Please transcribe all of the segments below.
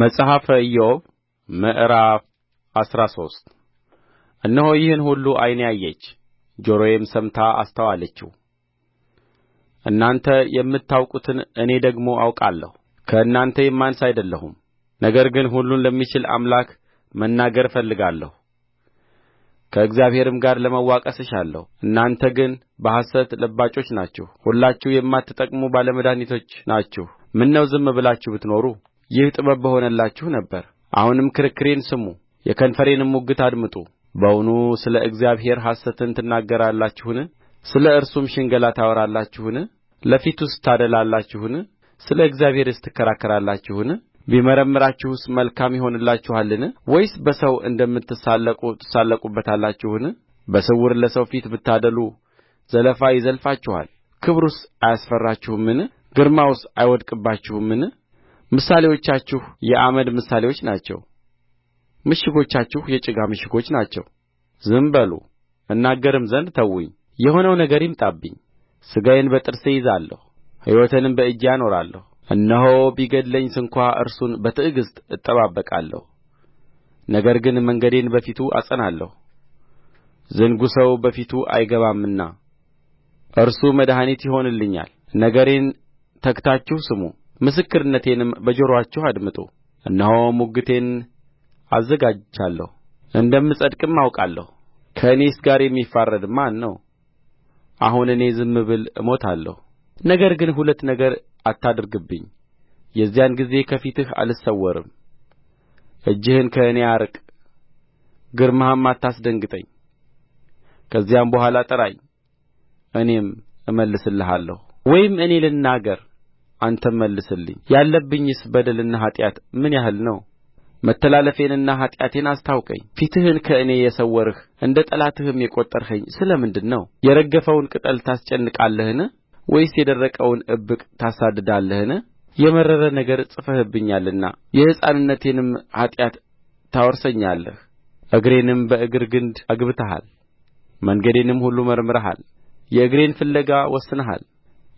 መጽሐፈ ኢዮብ ምዕራፍ አስራ ሶስት እነሆ ይህን ሁሉ ዓይኔ አየች፣ ጆሮዬም ሰምታ አስተዋለችው። እናንተ የምታውቁትን እኔ ደግሞ አውቃለሁ፣ ከእናንተ የማንስ አይደለሁም። ነገር ግን ሁሉን ለሚችል አምላክ መናገር እፈልጋለሁ፣ ከእግዚአብሔርም ጋር ለመዋቀስ እሻለሁ። እናንተ ግን በሐሰት ለባጮች ናችሁ፣ ሁላችሁ የማትጠቅሙ ባለመድኃኒቶች ናችሁ። ምነው ዝም ብላችሁ ብትኖሩ ይህ ጥበብ በሆነላችሁ ነበር አሁንም ክርክሬን ስሙ የከንፈሬንም ሙግት አድምጡ በውኑ ስለ እግዚአብሔር ሐሰትን ትናገራላችሁን ስለ እርሱም ሽንገላ ታወራላችሁን ለፊቱስ ታደላላችሁን ስለ እግዚአብሔርስ ትከራከራላችሁን ቢመረምራችሁስ መልካም ይሆንላችኋልን ወይስ በሰው እንደምትሳለቁ ትሳለቁበታላችሁን በስውር ለሰው ፊት ብታደሉ ዘለፋ ይዘልፋችኋል ክብሩስ አያስፈራችሁምን ግርማውስ አይወድቅባችሁምን ምሳሌዎቻችሁ የአመድ ምሳሌዎች ናቸው ምሽጎቻችሁ የጭቃ ምሽጎች ናቸው ዝም በሉ እናገርም ዘንድ ተዉኝ የሆነው ነገር ይምጣብኝ ሥጋዬን በጥርሴ እይዛለሁ ሕይወቴንም በእጄ አኖራለሁ እነሆ ቢገድለኝ ስንኳ እርሱን በትዕግሥት እጠባበቃለሁ ነገር ግን መንገዴን በፊቱ አጸናለሁ ዝንጉ ሰው በፊቱ አይገባምና እርሱ መድኃኒት ይሆንልኛል ነገሬን ተግታችሁ ስሙ ምስክርነቴንም በጆሮአችሁ አድምጡ እነሆ ሙግቴን አዘጋጅቻለሁ እንደምጸድቅም አውቃለሁ ከእኔስ ጋር የሚፋረድ ማን ነው አሁን እኔ ዝም ብል እሞታለሁ ነገር ግን ሁለት ነገር አታድርግብኝ የዚያን ጊዜ ከፊትህ አልሰወርም እጅህን ከእኔ አርቅ ግርማህም አታስደንግጠኝ ከዚያም በኋላ ጥራኝ እኔም እመልስልሃለሁ ወይም እኔ ልናገር አንተም መልስልኝ ያለብኝስ በደልና ኃጢአት ምን ያህል ነው መተላለፌንና ኃጢአቴን አስታውቀኝ ፊትህን ከእኔ የሰወርህ እንደ ጠላትህም የቈጠርኸኝ ስለ ምንድር ነው የረገፈውን ቅጠል ታስጨንቃለህን ወይስ የደረቀውን እብቅ ታሳድዳለህን የመረረ ነገር ጽፈህብኛልና የሕፃንነቴንም ኃጢአት ታወርሰኛለህ እግሬንም በእግር ግንድ አግብተሃል መንገዴንም ሁሉ መርምረሃል የእግሬን ፍለጋ ወስነሃል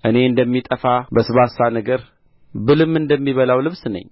እኔ እንደሚጠፋ በስባሳ ነገር ብልም እንደሚበላው ልብስ ነኝ